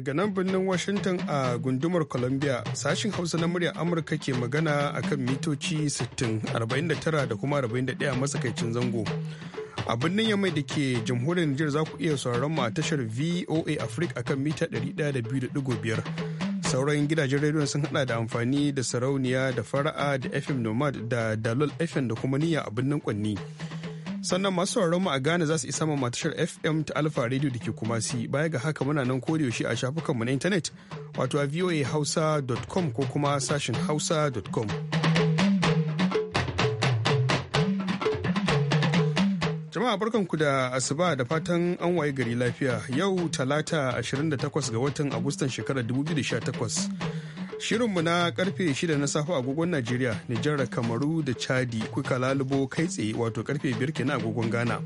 daga nan birnin Washington a gundumar Columbia sashin Hausa na murya Amurka ke magana akan mitoci 60, 49 da kuma 41 matsakaicin zango. A birnin Yamai da ke jamhuriyar Nijar za ku iya sauraron mu a tashar VOA Africa akan mita 102.5. Sauran gidajen rediyon sun hada da amfani da sarauniya da fara'a da FM Nomad da Dalol FM da kuma niyya a birnin Kwanni. sannan masu sauraron mu a Ghana za su isa ma tashar FM ta alpha Radio da ke kuma si baya ga haka muna nan koda yaushe a shafukanmu na intanet wato a voahausa.com ko kuma sashin hausa.com. Jama'a barkan ku da asuba da fatan an waye gari lafiya yau talata 28 ga watan Agustan shekarar 2018. Shirinmu na karfe 6 na safe agogon Najeriya, Nijar, Kamaru da Chadi kuka lalubo kai tsaye wato karfe 5 na agogon Ghana.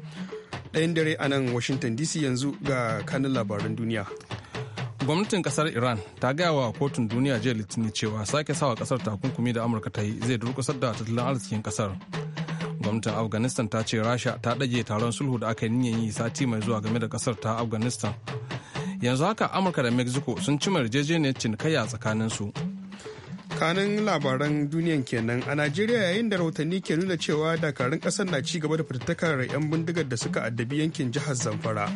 Ɗayan dare a nan Washington DC yanzu ga kanin labaran duniya. Gwamnatin kasar Iran ta gaya wa kotun duniya jiya Litinin cewa sake sawa kasar takunkumi da Amurka ta yi zai durkusar da tattalin arzikin kasar. Gwamnatin Afghanistan ta ce Rasha ta ɗage taron sulhu da aka yi niyan yi sati mai zuwa game da kasar ta Afghanistan. yanzu haka amurka da mexico sun cima yarjejeniyar cinikayya tsakaninsu kanin labaran duniyan kenan a najeriya yayin da rahotanni ke nuna cewa dakarun kasar na ci gaba da fitattakar 'yan bindigar da suka addabi yankin jihar zamfara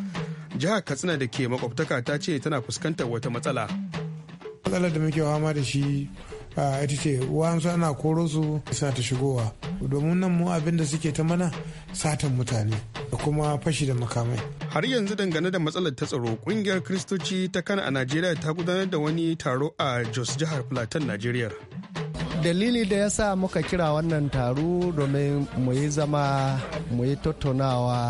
jihar katsina da ke makwabtaka ta ce tana fuskantar wata matsala matsalar da muke fama da shi ita ce wa'ansu ana koro su sa ta shigowa domin nan mu abin da suke ta mana satan mutane da kuma fashi da makamai har yanzu dangane da matsalar ta tsaro kungiyar kristoci ta kana a najeriya ta gudanar da wani taro a jos jihar plateau najeriya dalili da ya sa muka kira wannan taro domin mu yi zama mu yi tattaunawa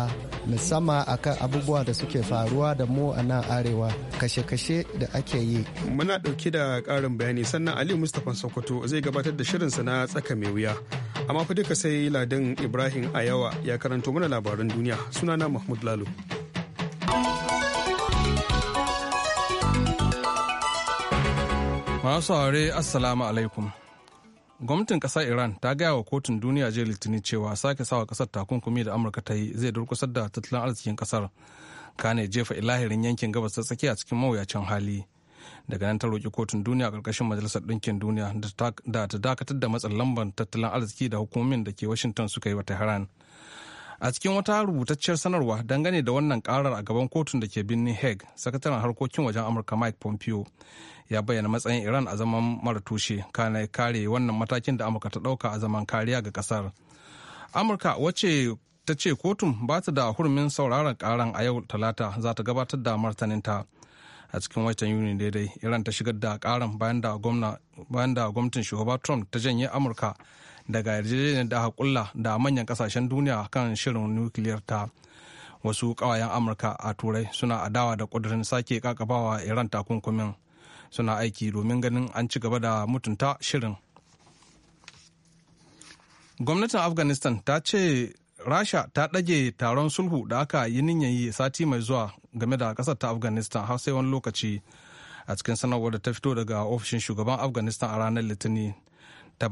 musamman akan abubuwa da suke faruwa da mu a nan arewa kashe-kashe da ake yi muna ɗauke da ƙarin bayani sannan ali mustapha sokoto zai gabatar da shirinsa na tsaka mai wuya amma fa duka sai Ladin ibrahim ayawa ya karanto mana labaran duniya sunana mahmud lalo masu saurare assalamu alaikum gwamnatin kasar iran ta gaya wa kotun duniya jiya litinin cewa sake sawa kasar takunkumi da amurka ta yi zai durkusar da tattalin arzikin kasar kane jefa ilahirin yankin gabas ta tsakiya cikin mawuyacin hali daga nan ta roƙi kotun duniya ƙarƙashin majalisar ɗinkin duniya da ta dakatar da matsin lambar tattalin arziki da hukumomin da ke washington suka yi wa tehran a cikin wata rubutacciyar sanarwa dangane da wannan karar a gaban kotun da ke birnin hague sakataren harkokin wajen amurka mike pompeo ya bayyana matsayin iran a zaman mara tushe kana kare wannan matakin da amurka ta dauka a zaman kariya ga kasar amurka wacce ta ce kotun ba ta da hurumin sauraron karan a yau talata za ta gabatar da martaninta a cikin watan yuni daidai iran ta shigar da karan bayan da gwamnatin shugaba trump ta janye amurka daga yarjejeniyar da hakulla da manyan kasashen duniya kan shirin nukiliyar ta wasu kawayen amurka a turai suna adawa da kudurin sake kakabawa iran takunkumin suna aiki domin ganin an ci gaba da mutunta shirin gwamnatin afghanistan ta ce rasha ta ɗage taron sulhu da aka yi niyan yi sati mai zuwa game da ƙasar ta afghanistan har sai wani lokaci a cikin sanarwar da ta fito daga ofishin shugaban afghanistan a ranar litinin ta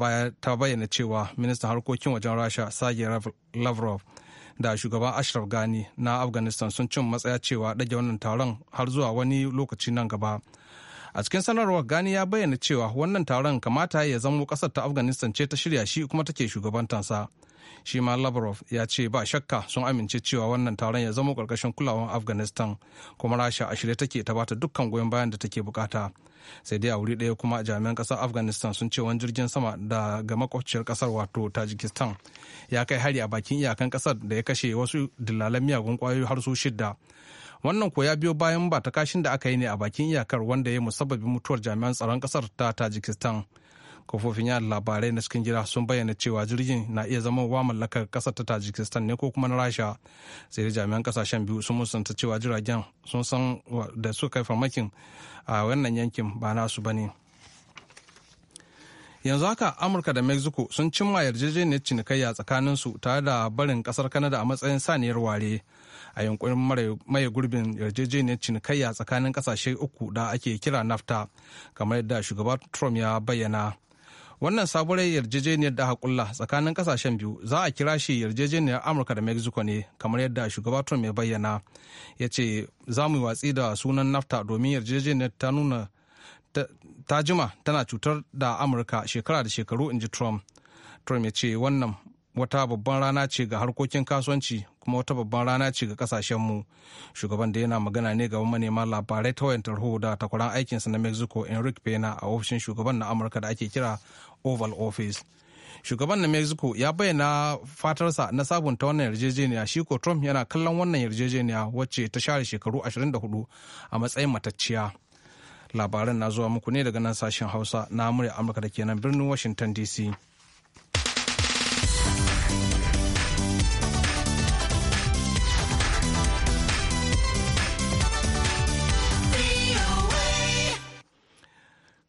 bayyana cewa ministan harkokin wajen rasha sergei lavrov da shugaban ashraf gani na afghanistan sun cin matsaya cewa ɗage wannan taron har zuwa wani lokaci nan gaba a cikin sanarwar gani ya bayyana cewa wannan taron kamata ya zamo ƙasar ta afghanistan ce ta shirya shi kuma take shugabantansa. sa shi ma lavrov ya ce ba shakka sun amince cewa wannan taron ya zama karkashin kulawan afghanistan kuma rasha a shirye take ta bata dukkan goyon bayan da take bukata sai dai a wuri daya kuma jami'an ƙasar afghanistan sun ce wani jirgin sama daga makwabciyar kasar wato tajikistan ya kai hari a bakin iyakan kasar da ya kashe wasu dillalan miyagun kwayoyi har su shidda wannan ko ya biyo bayan ba ta kashin da aka yi ne a bakin iyakar wanda ya musabbabi mutuwar jami'an tsaron ƙasar ta tajikistan kafofin yada labarai na cikin gida sun bayyana cewa jirgin na iya zama wa mallakar kasar ta tajikistan ne ko kuma na rasha sai da jami'an kasashen biyu sun musanta cewa jiragen sun san da suka kai farmakin a wannan yankin ba nasu ba ne yanzu haka amurka da mexico sun cimma yarjejeniyar cinikayya tsakaninsu tare da barin kasar kanada a matsayin saniyar ware a yankunan maye gurbin yarjejeniyar cinikayya tsakanin kasashe uku da ake kira nafta kamar yadda shugaba trump ya bayyana wannan sabuwar yarjejeniyar da hakulla tsakanin ƙasashen biyu za a kira shi yarjejeniyar amurka da mexico ne kamar yadda shugaba trump ya bayyana ya ce za mu yi watsi da sunan nafta domin yarjejeniyar ta nuna ta jima tana cutar da amurka shekara da shekaru in ji trump trump ya ce wannan wata babban rana ce ga harkokin kasuwanci kuma wata babban rana ce ga kasashenmu shugaban da yana magana ne ga manema labarai ta wayan tarho da takwaran aikinsa na mexico enrique pena a ofishin shugaban na amurka da ake kira oval office shugaban na mexico ya bayyana fatarsa na sabunta wannan yarjejeniya shi ko trump yana kallon wannan yarjejeniya wacce ta share shekaru ashirin hudu a matsayin matacciya labaran na zuwa muku ne daga nan sashen hausa na amurka da ke nan birnin washington dc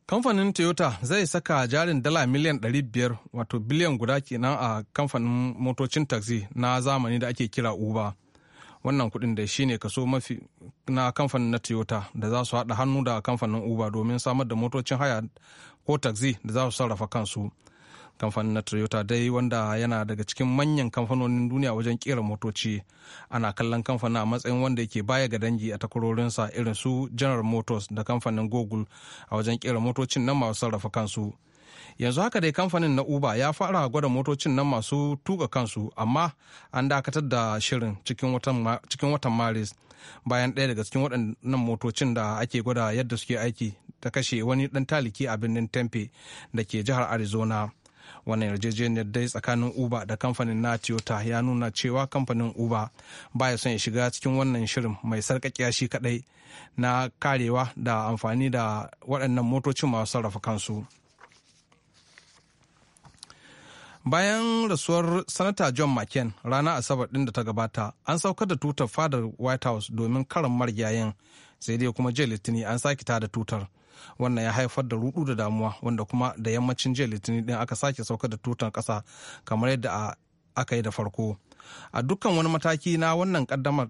kamfanin toyota zai saka jarin dala miliyan 500 wato biliyan guda kenan a kamfanin motocin taxi na zamani da ake kira uber wannan kudin da shine kaso mafi na kamfanin na toyota da za su haɗa hannu da kamfanin uber domin samar da motocin haya ko taxi da za su sarrafa kansu kamfanin na toyota dai wanda yana daga cikin manyan kamfanonin duniya wajen kera motoci ana kallon kamfanin a matsayin wanda yake baya ga dangi a takwarorinsa irin su general motors da kamfanin google a wajen kera motocin nan masu sarrafa kansu yanzu haka dai kamfanin na uber ya fara gwada motocin nan masu tuka kansu amma an dakatar da shirin cikin watan maris bayan ɗaya daga cikin waɗannan motocin da ake gwada yadda suke aiki ta kashe wani ɗan taliki a birnin tempe da ke jihar arizona wannan yarjejeniyar dai tsakanin uber da kamfanin na toyota ya nuna cewa kamfanin uber baya son ya shiga cikin wannan shirin mai sarkakiya shi kadai na karewa da amfani da waɗannan motocin masu sarrafa kansu bayan rasuwar sanata john mccain rana asabar ɗin da ta gabata an saukar da tutar fadar white house domin karan marigayen sai dai kuma jiya litinin an sake tada tutar wannan ya haifar da rudu da damuwa wanda kuma da yammacin jiya litinin din aka sake saukar da tutan kasa kamar yadda aka yi da farko a dukkan wani mataki na wannan kaddamar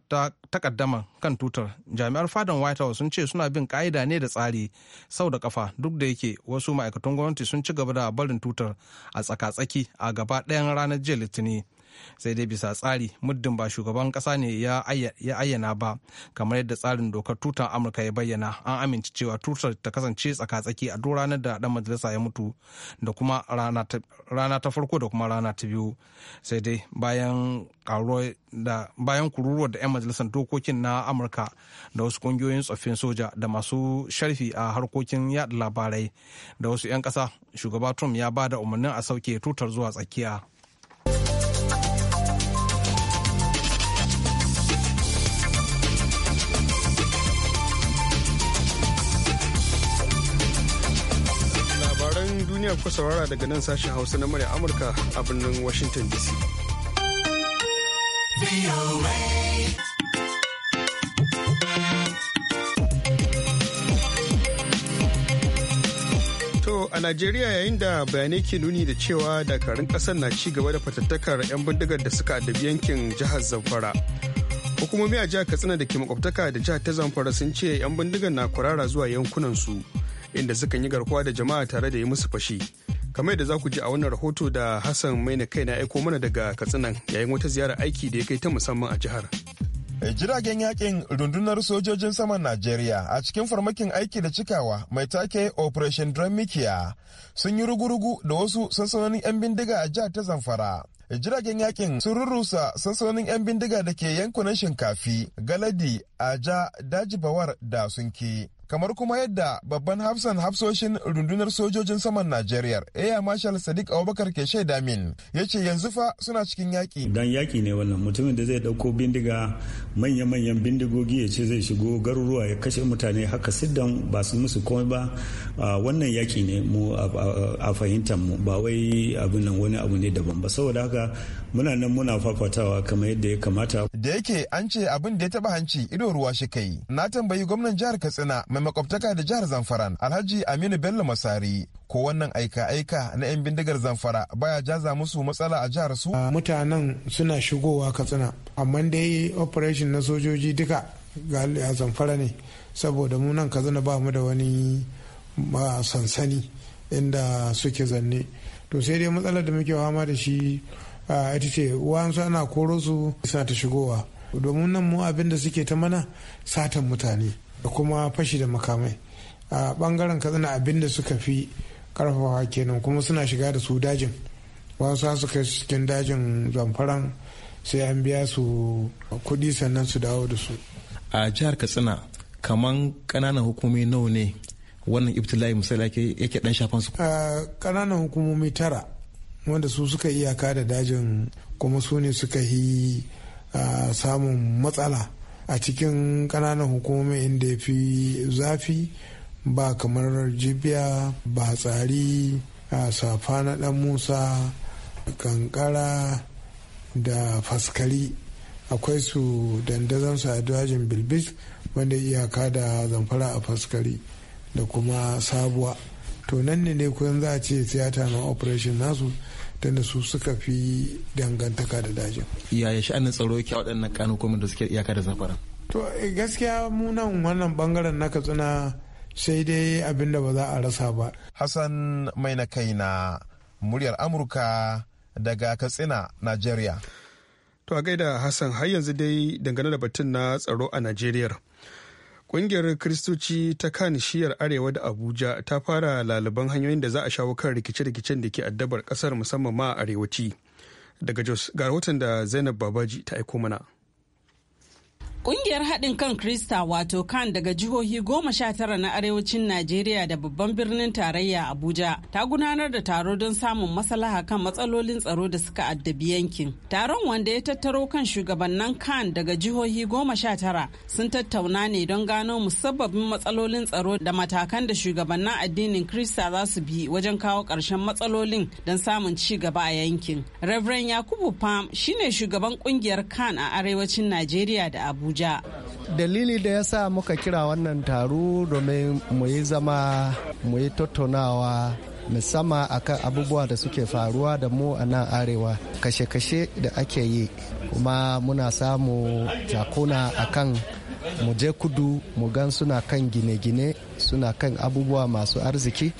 takaddamar kan tutar jami'ar fadan white house sun ce suna bin ka'ida ne da tsari sau da kafa duk da yake wasu ma'aikatan gwamnati sun ci gaba da barin tutar a tsaka-tsaki a gaba ɗayan ranar jiya litinin sai dai bisa tsari muddin ba shugaban kasa ne ya ayyana ba kamar yadda tsarin dokar tutar amurka ya bayyana an amince cewa tutar ta kasance tsaka-tsaki a duk ranar da dan majalisa ya mutu da kuma rana ta farko da kuma rana ta biyu sai dai bayan da bayan kururuwar da 'yan majalisar dokokin na amurka da wasu kungiyoyin tsoffin soja da masu sharfi a harkokin yada labarai da wasu 'yan ƙasa shugaba trump ya ba da umarnin a sauke tutar zuwa tsakiya labaran ku saurara daga nan sashen Hausa na murya Amurka a birnin Washington DC. To a Najeriya yayin da bayanai ke nuni da cewa dakarun kasar na ci gaba da fatattakar 'yan bindigar da suka adabi yankin jihar Zamfara. Hukumomi a jihar Katsina da ke makwabtaka da jihar ta Zamfara sun ce 'yan bindigar na kwarara zuwa yankunan su. inda suka yi garkuwa da jama'a tare da yi musu fashi kamar yadda za ku ji a wannan rahoto da hassan maina kai na aiko mana daga katsinan yayin wata ziyara aiki da ya kai ta musamman a jihar jiragen yakin rundunar sojojin saman najeriya a cikin farmakin aiki da cikawa mai take operation dramikiya sun yi rugurugu da wasu sansanonin 'yan bindiga a jihar ta zamfara jiragen yakin sun rurrusa sansanonin 'yan bindiga da ke yankunan shinkafi galadi aja dajibawar da sunki kamar kuma yadda babban hafsan hafsoshin rundunar sojojin saman najeriya air marshal sadiq abubakar ke shaida min ya ce yanzu fa suna cikin yaƙi dan yaƙi ne wannan mutumin da zai ɗauko bindiga manya-manyan bindigogi ya ce zai shigo garuruwa ya kashe mutane haka siddan ba su musu komai ba wannan yaƙi ne mu a fahimtar mu ba wai abin nan wani abu ne daban ba saboda haka muna nan muna fafatawa kamar yadda ya kamata da yake an ce abin da ya taba hanci ido ruwa shi kai na tambayi gwamnan jihar katsina mai makwabtaka da jihar zamfaran alhaji aminu bello masari ko wannan aika-aika na 'yan bindigar zamfara baya jaza musu matsala a jihar su mutanen suna shigowa katsina amma dai operation na sojoji duka a zamfara ne saboda munan nan katsina ba mu da wani sansani inda suke zanne to sai dai matsalar da muke fama da shi ita ce wa'ansu ana koro su suna ta shigowa domin nan mu abin da suke ta mana satan mutane da kuma fashi da makamai a bangaren katsina abin da suka fi karfafa kenan kuma suna shiga da su dajin wasu su kai cikin dajin zamfaran sai an biya su kudi sannan su dawo da su a jihar katsina kaman kananan hukumomi nawa ne wannan ibtila'i misali yake dan shafan su kananan hukumomi tara wanda su suka iyaka da dajin kuma su ne suka yi samun matsala a cikin ƙananan hukumomi inda ya fi zafi ba kamar jibiya ba tsari a safa na ɗan musa kankara da faskari akwai su dandazansu a dajin bilbis wanda iyaka da zamfara a faskari da kuma sabuwa to nan ne ne kusan za a ce tiyata na operation nasu tunda su suka fi dangantaka da dajin yaya sha'anin tsaro yake waɗannan kanukomin da suke iyaka da zafara to eh, gaskiya mu wannan bangaren na katsina sai dai abin da ba za a rasa ba hassan mai na kai na muryar amurka daga katsina Najeriya. to a gaida hassan har yanzu dai dangane da batun na tsaro a nigeria Ƙungiyar Kiristoci ta kan shiyar Arewa da Abuja ta fara laliban hanyoyin da za a shawo kan rikice-rikicen da ke addabar ƙasar musamman ma a arewaci. Daga Jos ga rahoton da Zainab Babaji ta aiko mana. Kungiyar haɗin kan Krista wato kan daga jihohi goma sha tara na arewacin Najeriya da babban birnin tarayya Abuja ta gudanar da taro don samun maslaha kan matsalolin tsaro da suka addabi yankin. Taron wanda ya tattaro kan shugabannin kan daga jihohi goma sha tara sun tattauna ne don gano musabbabin matsalolin tsaro da matakan da shugabannin addinin Krista za su bi wajen kawo ƙarshen matsalolin don samun ci gaba a yankin. Reverend Yakubu Pam shine shugaban kungiyar kan a arewacin Najeriya da Abuja. Abuja. Dalili da ya sa muka kira wannan taro domin mu yi zama mu yi tattaunawa musamman akan abubuwa da suke faruwa da mu a nan arewa kashe-kashe da ake yi kuma muna samu jakuna akan mu je kudu mu gan suna kan gine-gine suna kan abubuwa masu arziki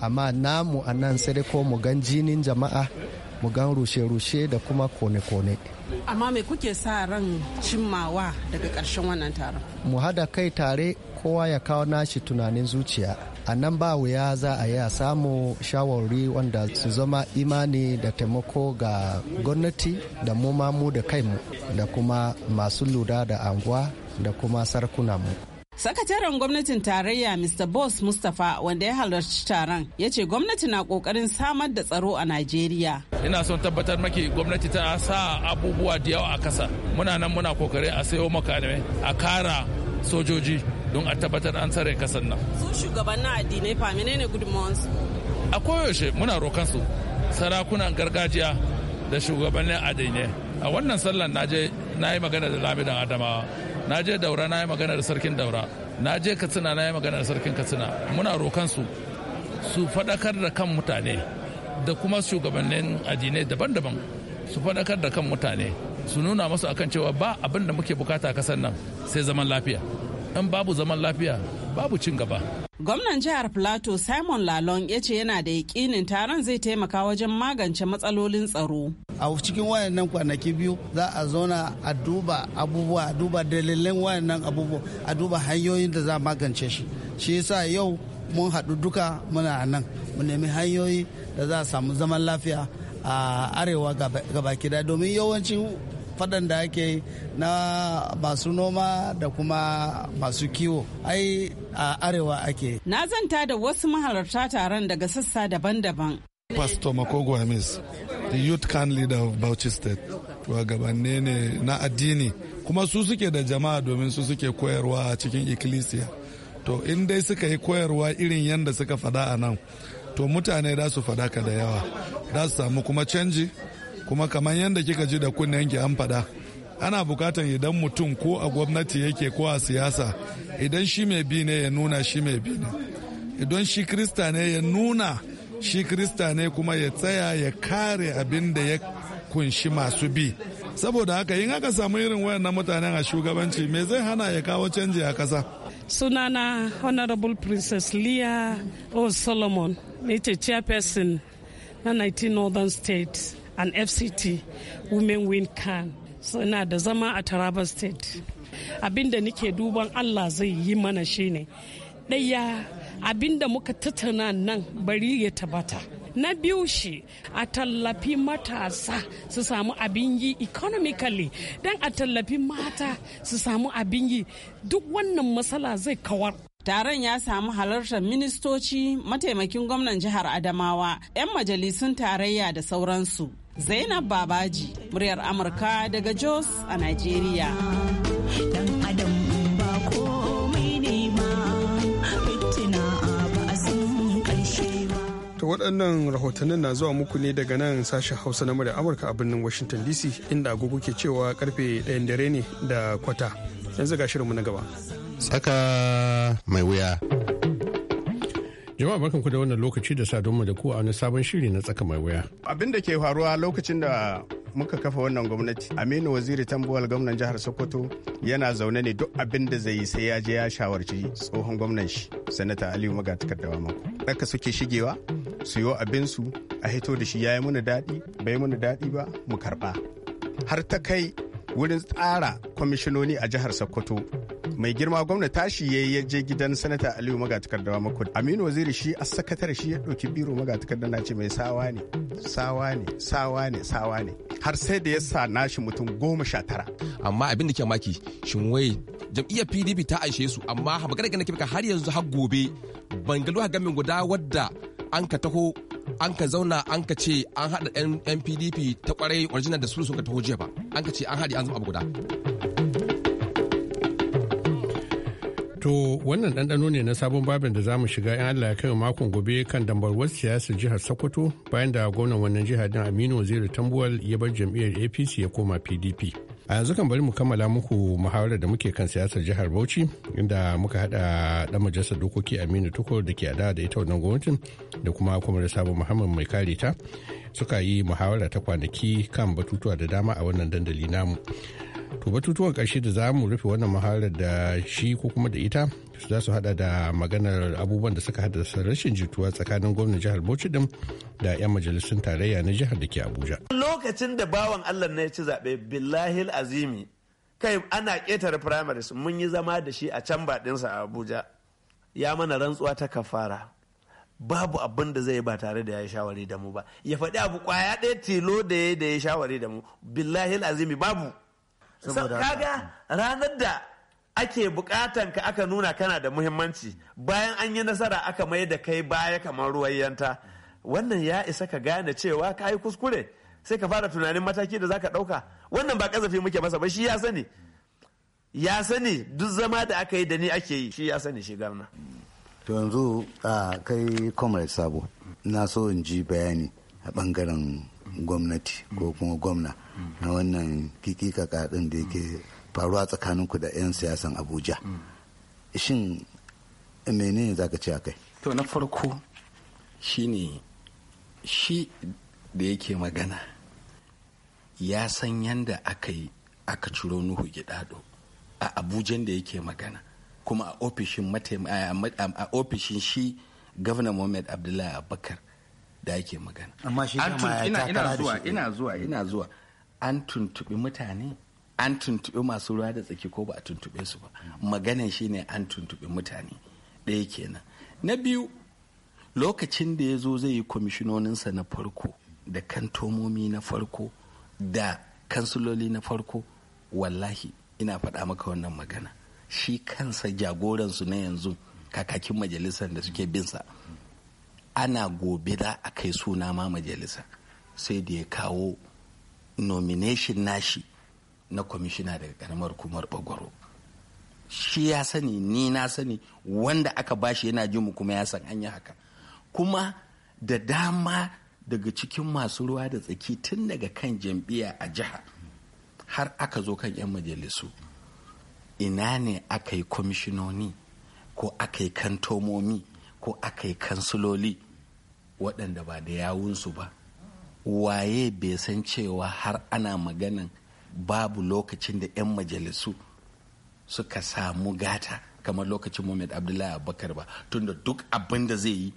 amma namu a nan sai ko mu gan jinin jama'a mu gan rushe-rushe da kuma kone-kone amma me kuke sa ran cimmawa daga ƙarshen wannan taron mu hada kai tare kowa ya kawo nashi tunanin zuciya a nan ba wuya za a yi a samu shawarwari wanda su zama imani da taimako ga gwamnati da mu mu da kaimu da kuma masu lura da anguwa da kuma mu. Sakataren gwamnatin tarayya Mr. Boss Mustapha wanda ya halarci taron ya ce gwamnati na kokarin samar da tsaro a Najeriya. Ina son tabbatar maki gwamnati ta sa abubuwa da yawa a kasa. Muna nan muna kokari a sayo makamai a kara sojoji don a tabbatar an tsare kasar nan. Su shugabannin addinai fa menene gudunmawansu? A koyaushe muna rokan su sarakunan gargajiya da shugabannin addinai. A wannan sallar na je na yi magana da lamidan Adamawa. na je daura na yi magana da sarkin daura na je katsina na yi magana da sarkin katsina muna rokan su su faɗakar da kan mutane da kuma shugabannin addinai daban-daban su faɗakar da kan mutane su nuna masu akan cewa ba abin da muke bukata kasar nan sai zaman lafiya in babu zaman lafiya babu cin gaba gwamnan jihar plateau simon lalong ya ce yana da yakinin taron zai taimaka wajen magance matsalolin tsaro a cikin wayannan kwanaki biyu za a zauna a duba abubuwa a duba dalilan wayannan abubuwa a duba hanyoyin da za a magance shi shi yasa yau mun haɗu duka muna nan mu nemi hanyoyi da za a samu zaman lafiya a arewa gabaki da domin yawancin fadan da ake na masu noma da kuma masu kiwo ai a arewa ake na zanta da wasu mahalarta taron daga sassa daban-daban Pastor Makogo Hamis, the youth can leader of Bauchi State, shugabanne ne na addini kuma su suke da jama'a domin su suke koyarwa a cikin ikkilisiya. To in dai suka yi koyarwa irin yadda suka fada a nan, to mutane za su fada ka da yawa, za su samu kuma canji, kuma kamar yadda kika ji da kunnen an fada. ana bukatan idan mutum ko a gwamnati yake ko a siyasa idan shi mai bi ne ya nuna shi mai bi ne idan shi krista ne ya nuna shi krista ne kuma ya tsaya ya kare abin da ya kunshi masu bi saboda haka in aka samu irin wayannan mutanen a shugabanci me zai hana ya kawo canji a kasa sunana honorable princess leah o solomon ne ce chairperson na 19 northern state and fct women win can suna da zama a taraba state abin abinda nike duban allah zai yi mana shine ɗaya abinda muka tattauna nan bari ya tabbata na biyu shi a tallafi matasa su samu abin yi economically don a tallafi mata su samu abin yi duk wannan matsala zai kawar taron ya samu halartar ministoci mataimakin gwamnan jihar adamawa 'yan majalisun tarayya da sauransu zainab babaji muryar amurka daga jos a nigeria To waɗannan rahotannin na zuwa muku ne daga nan sashen Hausa na murya Amurka a birnin Washington DC inda agogo ke cewa karfe ɗayan dare ne da kwata. Yanzu ga shirinmu na gaba. Tsaka mai wuya. Jama'a barkanku da wannan lokaci da sadonmu da ku a wani sabon shiri na tsaka mai wuya. Abin da ke faruwa lokacin da muka kafa wannan gwamnati aminu waziri tambuwal gwamnan jihar sokoto yana zaune ne duk abin da zai yi sai ya je ya shawarci tsohon gwamnan shi sanata aliyu magatakar da mako ɗaka suke shigewa siyo abinsu a hito da shi ya yi mana daɗi bai mana daɗi ba mu karɓa har ta kai wurin tsara kwamishinoni a jihar sokoto mai girma gwamna tashi ya yi je gidan sanata aliyu wa mako aminu waziri shi a sakatare shi ya ɗauki biro magatakarda na ce mai sawa ne sawa ne sawa ne sawa ne har sai da ya sa nashi mutum goma sha tara amma abin da ke maki shin wai jam'iyyar pdp ta aishe su amma magana ganin kifika har yanzu har gobe ban ga gamin guda wadda an ka taho an ka zauna an ka ce an haɗa NPDP pdp ta kwarai original da su suka taho jiya ba an ka ce an haɗe an zama abu guda To wannan ɗanɗano ne na sabon babin da zamu shiga yan Allah ya kai makon gobe kan dambarwar siyasar jihar Sokoto bayan da gwamnan wannan jihar din Aminu Waziri Tambuwal ya bar jam'iyyar APC ya koma PDP. a yanzu kan bari mu kammala muku muhawarar da muke kan siyasar jihar bauchi inda muka hada dan majalisar dokoki aminu tukur da ke ada da ita wannan gwamnatin da kuma kwamar sabon muhammad mai kare ta suka yi muhawara ta kwanaki kan batutuwa da dama a wannan dandali namu To batutuwan ƙarshe da za mu rufe wannan muhallar da shi ko kuma da ita za su hada da maganar abubuwan da suka haddasa rashin jituwa tsakanin gwamnan jihar Bauchi din da 'yan majalisun tarayya na jihar da ke Abuja. Lokacin da bawan Allah na ya ci zaɓe billahil azimi kai ana ƙetare primaries mun yi zama da shi a can baɗinsa a Abuja ya mana rantsuwa ta kafara. babu abin da zai ba tare da ya yi shawari da mu ba ya faɗi abu kwaya ɗaya tilo da ya da ya shawari da mu billahi azimi babu kaga ranar da ake bukatan ka aka nuna kana da muhimmanci bayan an yi nasara aka mai da kai baya kamar ruwayyanta wannan ya isa ka gane cewa ka yi kuskure sai ka fara tunanin mataki da zaka dauka wannan ba kazafi muke masa ba shi ya sani ya sani duk zama da aka yi da ni ake yi shi ya sani shi garna to yanzu a kai comrade sabo na so in ji bayani a bangaren gwamnati ko kuma gwamna na wannan kiki din da yake faruwa tsakanin ku da 'yan siyasan abuja shin menene za ka ce a kai to na farko shine shi da yake magana ya san yadda aka yi aka ciro nuhu gidado a abujan da yake magana kuma a ofishin shi gwamna mohamed abdullahi abubakar da ake magana amma shi zuwa ina eh. zuwa ina zuwa an tuntuɓi mutane an tuntuɓi masu ruwa da tsaki ko ba a tuntuɓe su ba maganan shi ne an tuntuɓi mutane ɗaya kenan na biyu lokacin da ya zo zai yi kwamishinoninsa na farko da kantomomi na farko da kansuloli na farko wallahi ina faɗa maka wannan magana shi kansa jagoransu na yanzu kakakin majalisar da suke binsa ana gobe za a kai suna ma majalisa sai da ya kawo nomination nashi na kwamishina daga karamar kumar bagwaro shi ya sani ni na sani wanda aka bashi yana jin mu kuma ya san an yi haka kuma da dama daga cikin masu ruwa da tsaki tun daga kan jam'iyya a jiha har aka zo kan 'yan majalisu ina ne aka yi kwamishinoni ko aka yi kantomomi ko aka yi kansuloli waɗanda ba da yawunsu ba waye bai san cewa har ana maganan babu lokacin da 'yan majalisu suka samu gata kamar lokacin Muhammad Abdullahi Abubakar ba tunda duk abin da zai yi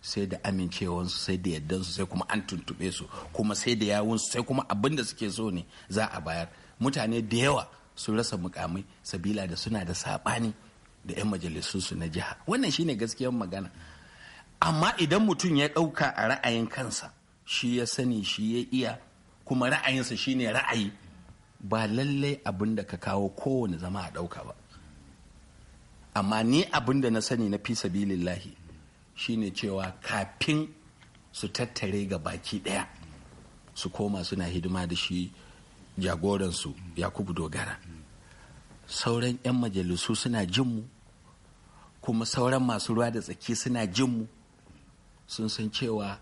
sai da amincewansu sai da yardansu sai kuma an tuntube su kuma sai da yawunsu sai kuma abin da suke so ne za a bayar mutane da yawa sun rasa mukamai sabila da suna da saɓani da 'yan majalisunsu na jiha wannan shine gaskiyar magana amma idan mutum ya ɗauka a ra'ayin kansa shi ya sani shi ya iya kuma ra'ayinsa shine ra'ayi ba lallai abin da ka kawo kowane zama a ɗauka ba amma ni abin da na sani na fi sabilillahi shine cewa kafin su tattare ga baki ɗaya su koma suna hidima da shi jagoransu yakubu dogara sauran 'yan majalisu suna jinmu kuma sauran masu ruwa da tsaki suna jinmu sun san cewa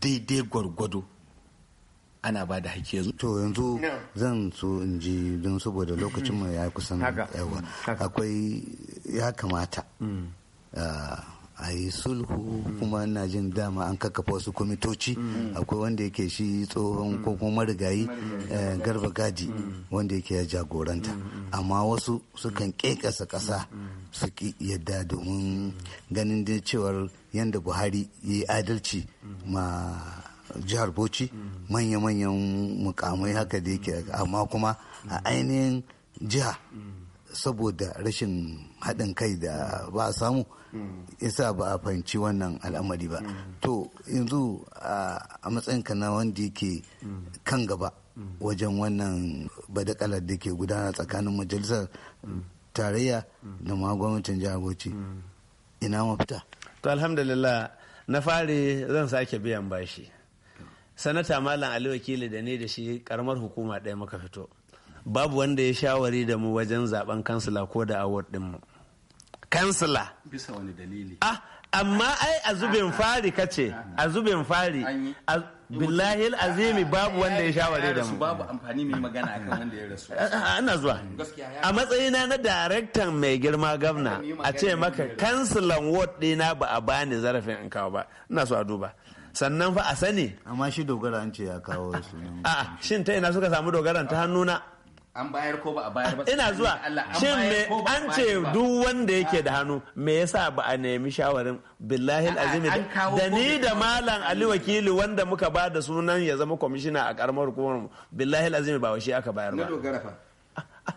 daidai gwargwado ana ba da haƙƙi to yanzu zan so in ji don saboda lokacin mai ya kusan akwai ya kamata mm. ah, a yi sulhu kuma na jin dama an kakkafa wasu kwamitoci mm. akwai wanda yake shi tsohon ko kuma marigayi eh, garba gadi mm. wanda yake ya jagoranta mm, amma wasu sukan kekasa ƙasa su ki yadda domin ganin da cewar yadda buhari ya yi adalci ma jihar bauchi manya-manyan mukamai haka da yake amma kuma a ainihin jiha saboda rashin haɗin kai da ba a samu yasa ba a fahimci wannan al'amari ba to yanzu a matsayinka na wanda yake kan gaba wajen wannan badakalar da ke gudana tsakanin majalisar tarayya da ma gwamnatin jagoci ina mafita to alhamdulillah na fare zan sake biyan bashi sanata malam ali wakili da ne da shi karamar hukuma ɗaya muka fito babu wanda ya shawari da mu wajen zaben kansila ko da award ɗinmu mu kansila bisa wani dalili ah amma ai a zubin fari ka ce a zubin fari billahi azimi babu wanda ya shawarar da mu babu amfani mai magana akan wanda ya rasu ana ah, ah, ah, zuwa a matsayina na daraktan mai girma gavna a ce maka kansilan ward dina ba a bani zarafin in kawo ba ina so a duba sannan fa a sani amma shi dogara an ce ya kawo su a shin ta ina suka samu dogaran ta hannuna an bayar ko ba a bayar ba ina zuwa shin me an ce duk wanda yake da ah. hannu me yasa ba a nemi shawarin billahi alazim da ni da malam ali wakili wanda muka ba da sunan ya zama kwamishina a karamar hukumar mu billahi alazim ba wa shi aka bayar ba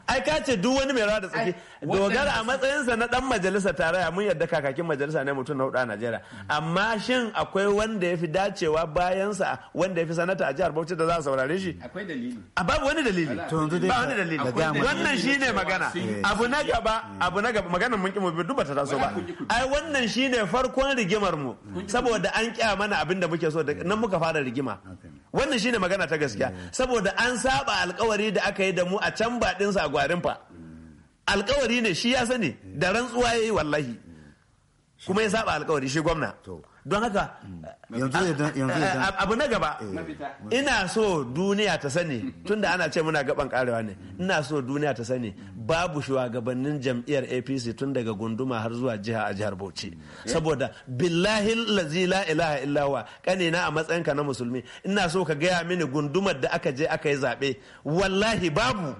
ai ka ce duk wani mai rawa da tsaki dogara a matsayinsa na dan majalisa tarayya mun yarda kakakin majalisa ne mutum na hudu a Najeriya amma shin akwai wanda ya fi dacewa bayansa wanda ya fi sanata a jihar Bauchi da za a saurare shi akwai dalili a babu wani dalili ba wani dalili wannan shine magana abu na gaba abu na gaba magana mun kimo duk bata taso ba ai wannan shine farkon rigimar mu saboda an mana abin da muke so nan muka fara rigima wannan shine magana ta gaskiya saboda an saba alkawari da aka yi da mu a can baɗin sa gwarin fa alkawari ne shi ya sani da rantsuwa yayi wallahi kuma ya saba alkawari shi gwamna don haka mm. abu na gaba eh. ina so duniya ta sani mm. tunda ana ce muna gaban karewa ne mm. ina so duniya ta sani babu shugabannin jam'iyyar apc tun daga gunduma har zuwa jiha a jihar bauchi saboda billahi lazi la ilaha illawa kanina a matsayin ka na musulmi ina so ka gaya mini gundumar da aka je aka yi zaɓe wallahi babu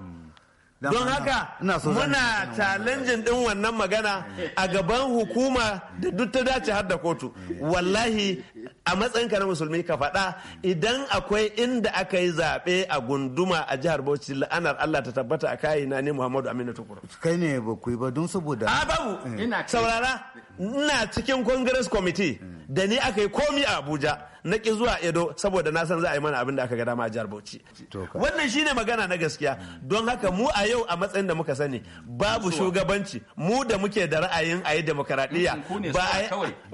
don haka muna challenging din wannan magana a gaban hukuma da duk ta dace har da kotu eh. wallahi a matsayinka na musulmi ka faɗa idan akwai inda aka yi zaɓe a gunduma a jihar Bauchi la'anar Allah ta tabbata a kayi na ne Muhammadu Aminu Tukuru. Kai ne ba ku yi ba don saboda. A babu. Eh. Saurara ina cikin Congress Committee da ni aka yi komi a Abuja na ki zuwa Edo saboda na san za a yi mana abin da aka ga dama a jihar Bauchi. Wannan shine magana na gaskiya don haka mu a yau a matsayin da muka sani babu shugabanci mu da muke da ra'ayin a yi demokaradiyya ba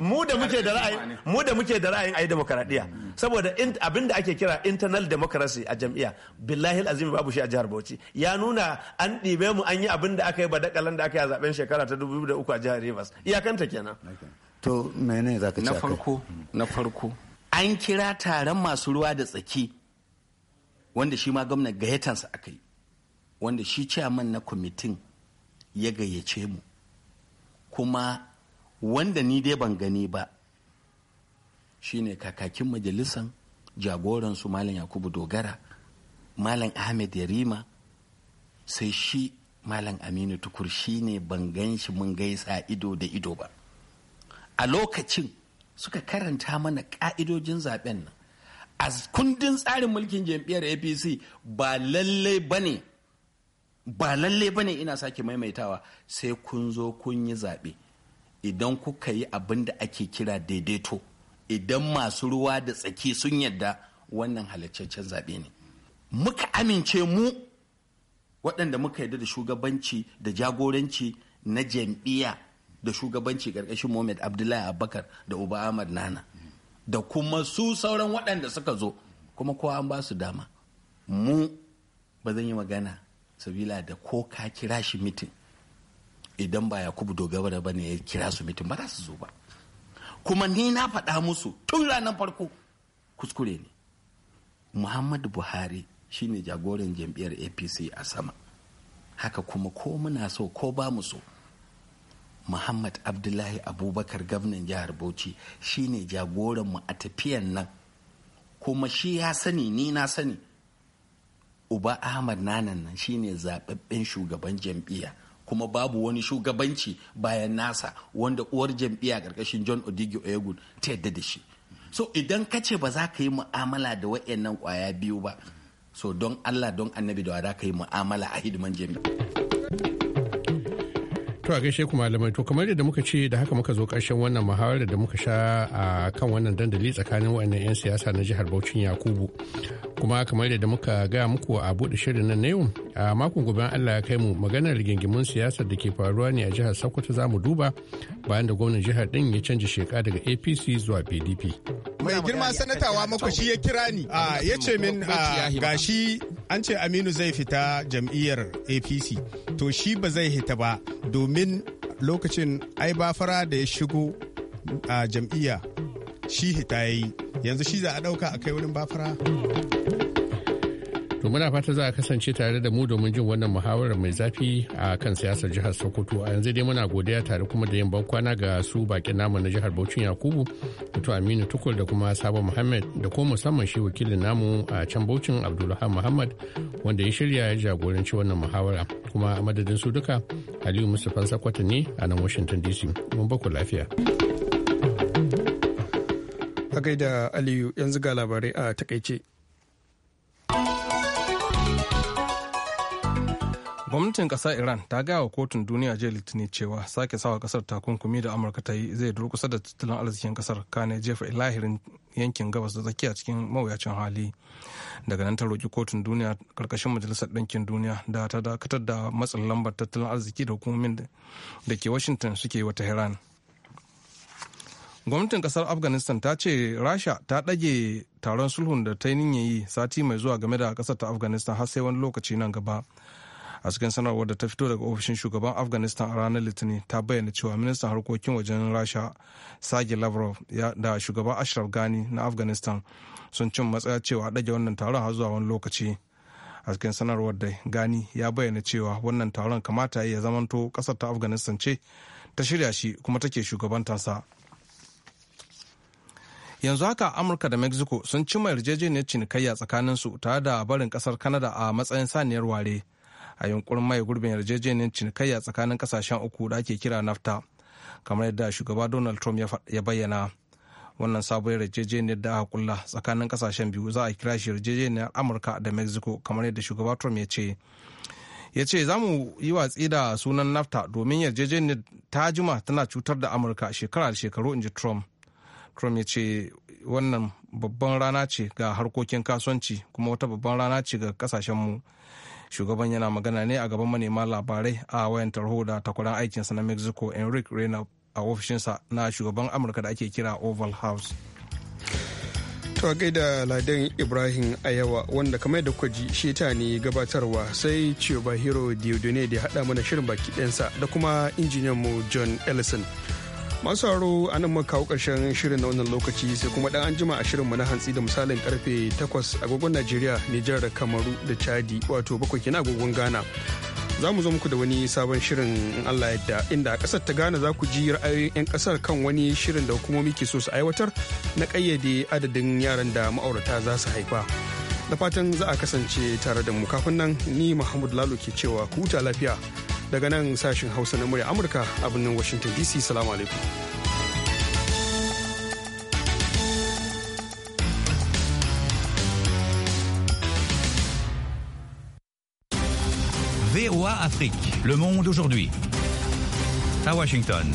mu da muke da ra'ayin mu da muke da ra'ayin yin ayi demokaradiyya saboda abin da ake kira internal democracy a jam'iyya billahi azimi babu shi a jihar Bauchi ya nuna an ɗibe mu an yi abin da aka yi badakalan da aka yi a zaben shekara ta 2003 a jihar Rivers iyakanta kenan to menene zaka ce na farko na farko an kira taron masu ruwa da tsaki wanda shi ma gwamna gayyatansa aka yi wanda shi ciyaman na kwamitin ya gayyace mu kuma wanda ni dai ban gani ba shine kakakin majalisan jagoransu malam yakubu dogara malam ahmed yarima sai shi malam aminu tukur shine ban gan shi mun gaisa ido da ido ba a lokacin suka karanta mana ka'idojin zaben nan a kundin tsarin mulkin jam'iyyar apc ba lallai bane ba lallai bane ina sake maimaitawa sai kun zo kun yi zaɓe idan kuka yi abin da ake kira daidaito idan masu ruwa da tsaki sun yadda wannan halittaccen zaɓe ne muka amince mu waɗanda muka yarda da shugabanci da jagoranci na jam'iyya da shugabanci ƙarƙashin Mohamed Abdullahi Abubakar da Uba Ahmad Nana da kuma su sauran waɗanda suka zo kuma kowa an ba su dama mu ba zan yi magana sabila da ko ka kira shi mitin idan ba Yakubu Dogara ba ne ya kira su mitin ba za su zo ba. kuma ni na faɗa musu tun ranar farko kuskure ne muhammadu buhari shine jagoran jam'iyyar apc a sama haka kuma ko muna so ko ba mu so muhammad abdullahi abubakar gwamnan jihar bauchi shine jagoranmu a tafiyan nan kuma shi ya sani ni na sani uba ahmad nanan nan shine zaɓaɓɓen shugaban jam'iyyar kuma babu wani shugabanci bayan nasa wanda uwar jam'iyya karkashin john odigi oyegun ta yadda da shi so idan ka ce ba za ka yi mu'amala da wa'annan kwaya biyu ba so don allah don annabi da wada ka yi mu'amala a hidiman jami'a To a gaishe ku malamai to kamar yadda muka ce da haka muka zo karshen wannan muhawarar da muka sha a kan wannan dandali tsakanin wa'annan 'yan siyasa na jihar Bauchin Yakubu. Kuma kamar yadda muka gaya muku a buɗe shirin nan na yau a makon gobe Allah ya kai mu maganar rigingimun siyasar da ke faruwa ne a jihar Sokoto za mu duba bayan da gwamnan jihar din ya canja sheka daga APC zuwa PDP. Mai girma sanatawa shi ya kira ni ya ce min gashi an ce Aminu zai fita jam'iyyar APC to shi ba zai hita ba domin domin lokacin ai ba fara da ya shigo a jam'iyya shi hita ya yi yanzu shi za a ɗauka a kai wurin ba fara. To muna fata za a kasance tare da mu domin jin wannan muhawarar mai zafi a kan siyasar jihar Sokoto. A yanzu dai muna godiya tare kuma da yin kwana ga su bakin namu na jihar Bauchin Yakubu, Mutu Aminu Tukul da kuma Sabo Muhammad da kuma musamman shi wakilin namu a can Bauchin Abdulrahman Muhammad wanda ya shirya ya jagoranci wannan muhawara. Kuma a madadin su duka Aliyu Mustapha Sakwata ne a nan Washington DC. Mun baku lafiya. A gaida Aliyu yanzu ga labarai a takaice. gwamnatin kasar iran ta gaya wa kotun duniya jiya litinin cewa sake sawa kasar takunkumi da amurka ta yi zai durkusa da tattalin arzikin kasar kane jefa lahirin yankin gabas da tsakiya cikin mawuyacin hali daga nan ta roƙi kotun duniya karkashin majalisar ɗinkin duniya da ta dakatar da matsin lambar tattalin arziki da hukumomin da ke washington suke wa tehran gwamnatin kasar afghanistan ta ce rasha ta ɗage taron sulhun da ta yi sati mai zuwa game da kasar ta afghanistan har sai wani lokaci nan gaba a cikin sanarwar da ta fito daga ofishin shugaban afghanistan a ranar litinin ta bayyana cewa ministan harkokin wajen rasha sage lavrov da shugaban ashraf ghani na afghanistan sun cin matsaya cewa ɗage wannan taron har zuwa wani lokaci a cikin sanarwar da gani ya bayyana cewa wannan taron kamata ya zamanto kasar ta afghanistan ce ta shirya shi kuma take shugabantarsa yanzu haka amurka da mexico sun cimma yarjejeniyar cinikayya tsakaninsu tare da barin kasar canada a matsayin saniyar ware a yunkurin mai gurbin yarjejeniyar cinikayya tsakanin kasashen uku da ake kira nafta kamar yadda shugaba donald trump ya bayyana wannan sabon yarjejeniyar da aka kulla tsakanin kasashen biyu za a kira shi yarjejeniyar amurka da mexico kamar yadda shugaba trump ya ce ya ce za mu yi watsi da sunan nafta domin yarjejeniyar ta jima tana cutar da amurka shekara da shekaru in ji trump trump ya ce wannan babban rana ce ga harkokin kasuwanci kuma wata babban rana ce ga kasashen mu. shugaban yana magana ne a gaban manema labarai a wayan tarho da takwaran aikinsa na mexico enrique rena a ofishinsa na shugaban amurka da ake kira oval house to gaida ladan ibrahim ayawa wanda kamar da kwaji sheta ne gabatarwa sai ciyo bahiro diodone da ya haɗa mana shirin baki ɗansa da kuma injiniyan mu john ellison masu anan nan kawo ƙarshen shirin na wannan lokaci sai kuma dan anjima a shirinmu na hantsi da misalin karfe 8 agogon Najeriya, Nijar da Kamaru da Chadi wato bakwai kenan agogon Ghana. Za mu zo muku da wani sabon shirin in Allah yadda inda a kasar ta Ghana za ku ji ra'ayoyin 'yan ƙasar kan wani shirin da hukumomi ke so su aiwatar na kayyade adadin yaran da ma'aurata za su haifa. Da fatan za a kasance tare da mu kafin nan ni Muhammadu Lalo ke cewa ku huta lafiya. daga nan sashen hausa na murya amurka a birnin washington dc salamu alaikum VOA Afrique. Le monde aujourd'hui. À Washington.